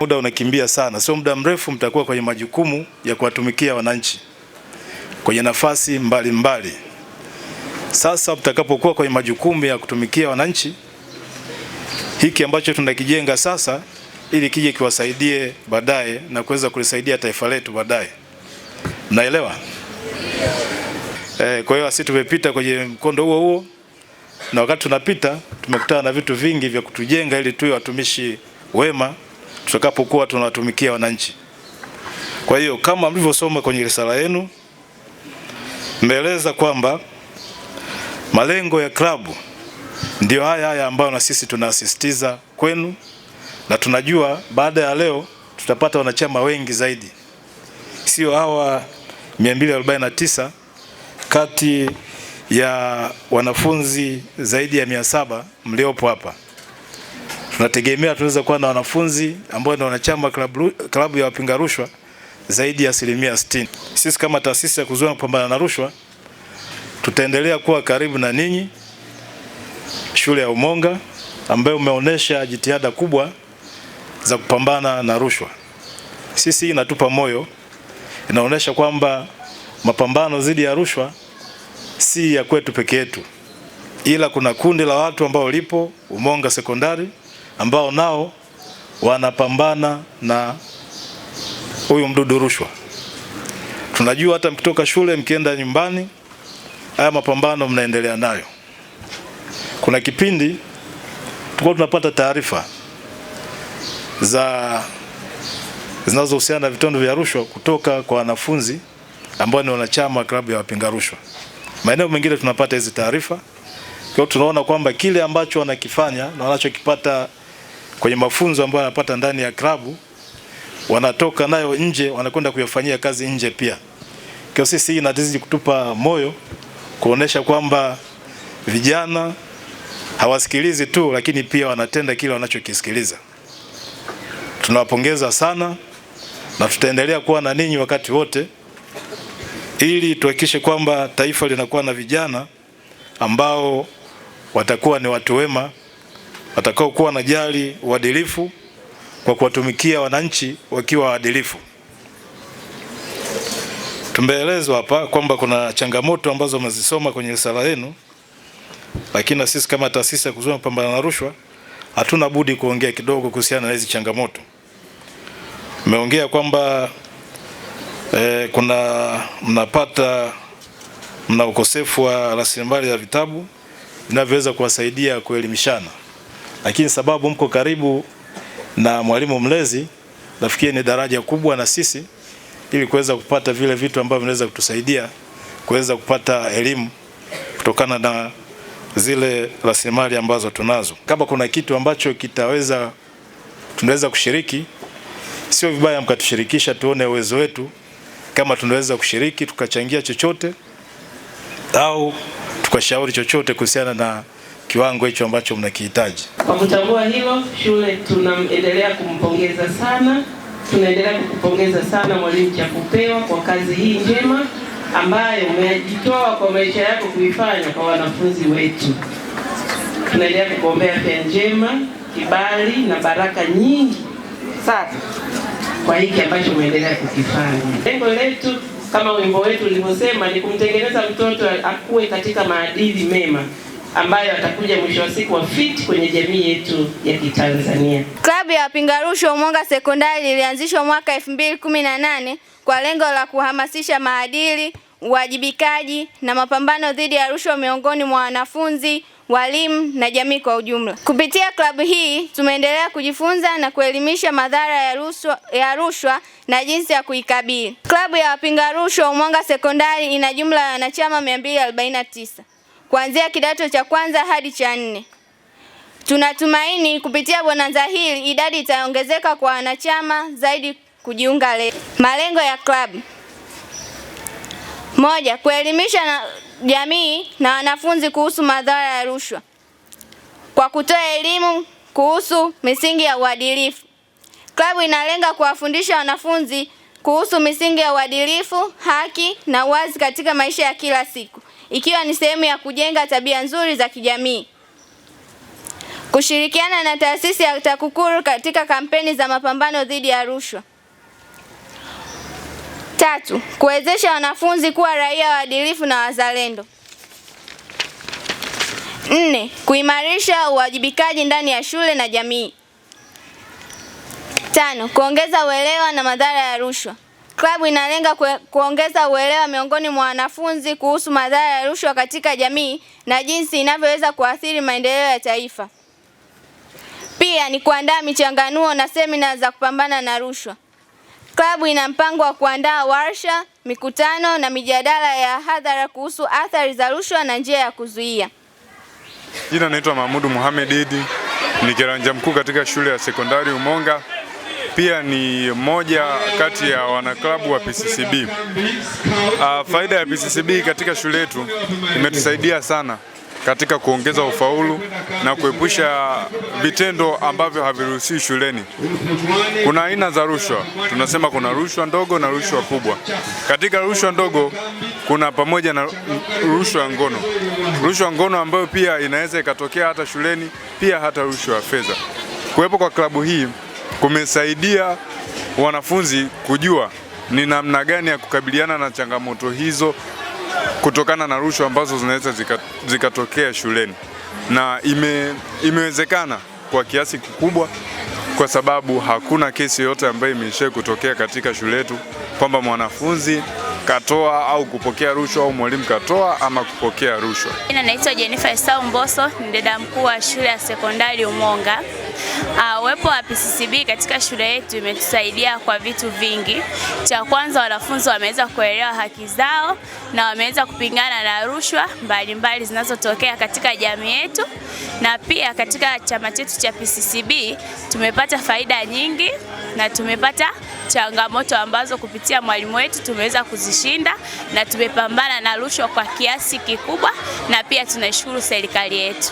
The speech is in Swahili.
Muda unakimbia sana, sio muda mrefu mtakuwa kwenye majukumu ya kuwatumikia wananchi kwenye nafasi mbalimbali mbali. Sasa mtakapokuwa kwenye majukumu ya kutumikia wananchi, hiki ambacho tunakijenga sasa ili kije kiwasaidie baadaye na kuweza kulisaidia taifa letu baadaye. Mnaelewa? eh? kwa hiyo sisi tumepita kwenye mkondo huo huo na wakati tunapita tumekutana na vitu vingi vya kutujenga ili tuwe watumishi wema tutakapokuwa tunawatumikia wananchi. Kwa hiyo kama mlivyosoma kwenye risala yenu, mmeeleza kwamba malengo ya klabu ndiyo haya haya ambayo na sisi tunasisitiza kwenu, na tunajua baada ya leo tutapata wanachama wengi zaidi, sio hawa 249 kati ya wanafunzi zaidi ya saba mliopo hapa tunategemea tunaweza kuwa na wanafunzi ambao ni wanachama klabu, klabu ya wapinga rushwa zaidi ya asilimia 60. Sisi kama taasisi ya kuzuia kupambana na rushwa tutaendelea kuwa karibu na ninyi, shule ya Umonga ambayo umeonyesha jitihada kubwa za kupambana na rushwa. Sisi inatupa moyo, inaonyesha kwamba mapambano dhidi ya rushwa si ya kwetu peke yetu, ila kuna kundi la watu ambao lipo Umonga sekondari ambao nao wanapambana na huyu mdudu rushwa. Tunajua hata mkitoka shule mkienda nyumbani, haya mapambano mnaendelea nayo. Kuna kipindi tulikuwa tunapata taarifa za zinazohusiana na vitendo vya rushwa kutoka kwa wanafunzi ambao ni wanachama wa klabu ya wapinga rushwa. Maeneo mengine tunapata hizi taarifa, kwa tunaona kwamba kile ambacho wanakifanya na wanachokipata kwenye mafunzo ambayo wanapata ndani ya klabu, wanatoka nayo nje, wanakwenda kuyafanyia kazi nje pia. Kwa sisi hii kutupa moyo kuonesha kwamba vijana hawasikilizi tu, lakini pia wanatenda kile wanachokisikiliza. Tunawapongeza sana na tutaendelea kuwa na ninyi wakati wote ili tuhakikishe kwamba taifa linakuwa na vijana ambao watakuwa ni watu wema watakao kuwa na jali uadilifu kwa kuwatumikia wananchi wakiwa waadilifu. Tumeelezwa hapa kwamba kuna changamoto ambazo wamezisoma kwenye risala yenu, lakini na sisi kama taasisi ya kuzuia kupambana na rushwa hatuna budi kuongea kidogo kuhusiana na hizi changamoto. Mmeongea kwamba e, kuna mnapata mna ukosefu wa rasilimali za vitabu vinavyoweza kuwasaidia kuelimishana lakini sababu mko karibu na mwalimu mlezi, nafikiri ni daraja kubwa na sisi, ili kuweza kupata vile vitu ambavyo vinaweza kutusaidia kuweza kupata elimu kutokana na zile rasilimali ambazo tunazo. Kama kuna kitu ambacho kitaweza tunaweza kushiriki, sio vibaya mkatushirikisha, tuone uwezo wetu kama tunaweza kushiriki tukachangia chochote au tukashauri chochote kuhusiana na kiwango hicho ambacho mnakihitaji. Kwa kutambua hilo, shule tunaendelea kumpongeza sana, tunaendelea kukupongeza sana Mwalimu Chakupewa kwa kazi hii njema ambayo umejitoa kwa maisha yako kuifanya kwa wanafunzi wetu. Tunaendelea kukuombea afya njema, kibali na baraka nyingi sana kwa hiki ambacho umeendelea kukifanya. Lengo letu kama wimbo wetu ulivyosema ni kumtengeneza mtoto akuwe katika maadili mema ambayo atakuja mwisho wa siku fit kwenye jamii yetu ya Kitanzania. Klabu ya wapinga rushwa Umonga Sekondari ilianzishwa mwaka 2018 kwa lengo la kuhamasisha maadili, uwajibikaji na mapambano dhidi ya rushwa miongoni mwa wanafunzi, walimu na jamii kwa ujumla. Kupitia klabu hii tumeendelea kujifunza na kuelimisha madhara ya rushwa, ya rushwa na jinsi ya kuikabili. Klabu ya wapinga rushwa Umonga Sekondari ina jumla ya wanachama 249 kuanzia kidato cha kwanza hadi cha nne. Tunatumaini kupitia bonanza hili idadi itaongezeka kwa wanachama zaidi kujiunga leo. Malengo ya klabu: moja, kuelimisha na jamii na wanafunzi kuhusu madhara ya rushwa kwa kutoa elimu kuhusu misingi ya uadilifu. Klabu inalenga kuwafundisha wanafunzi kuhusu misingi ya uadilifu, haki na uwazi katika maisha ya kila siku ikiwa ni sehemu ya kujenga tabia nzuri za kijamii. Kushirikiana na taasisi ya TAKUKURU katika kampeni za mapambano dhidi ya rushwa. Tatu, kuwezesha wanafunzi kuwa raia waadilifu na wazalendo. Nne, kuimarisha uwajibikaji ndani ya shule na jamii. Tano, kuongeza uelewa na madhara ya rushwa. Klabu inalenga kuongeza uelewa miongoni mwa wanafunzi kuhusu madhara ya rushwa katika jamii na jinsi inavyoweza kuathiri maendeleo ya taifa. Pia ni kuandaa michanganuo na semina za kupambana na rushwa. Klabu ina mpango wa kuandaa warsha, mikutano na mijadala ya hadhara kuhusu athari za rushwa na njia ya kuzuia. Jina naitwa Mahmudu Mohamed Idi, ni kiranja mkuu katika shule ya sekondari Umonga pia ni moja kati ya wanaklabu wa PCCB. Uh, ah, faida ya PCCB katika shule yetu imetusaidia sana katika kuongeza ufaulu na kuepusha vitendo ambavyo haviruhusiwi shuleni. Kuna aina za rushwa, tunasema kuna rushwa ndogo na rushwa kubwa. Katika rushwa ndogo kuna pamoja na rushwa ya ngono, rushwa ngono ambayo pia inaweza ikatokea hata shuleni, pia hata rushwa ya fedha. Kuwepo kwa klabu hii kumesaidia wanafunzi kujua ni namna gani ya kukabiliana na changamoto hizo kutokana na rushwa ambazo zinaweza zikatokea zika shuleni, na ime, imewezekana kwa kiasi kikubwa kwa sababu hakuna kesi yoyote ambayo imeishia kutokea katika shule yetu kwamba mwanafunzi katoa au kupokea rushwa au mwalimu katoa ama kupokea rushwa. Naitwa Jennifer Esau Mboso, ni dada mkuu wa shule ya sekondari Umonga. Ah, uwepo wa PCCB katika shule yetu imetusaidia kwa vitu vingi. Cha kwanza, wanafunzi wameweza kuelewa haki zao na wameweza kupingana na rushwa mbalimbali zinazotokea katika jamii yetu, na pia katika chama chetu cha PCCB tumepata faida nyingi na tumepata changamoto ambazo kupitia mwalimu wetu tumeweza kuzishinda na tumepambana na rushwa kwa kiasi kikubwa, na pia tunashukuru serikali yetu.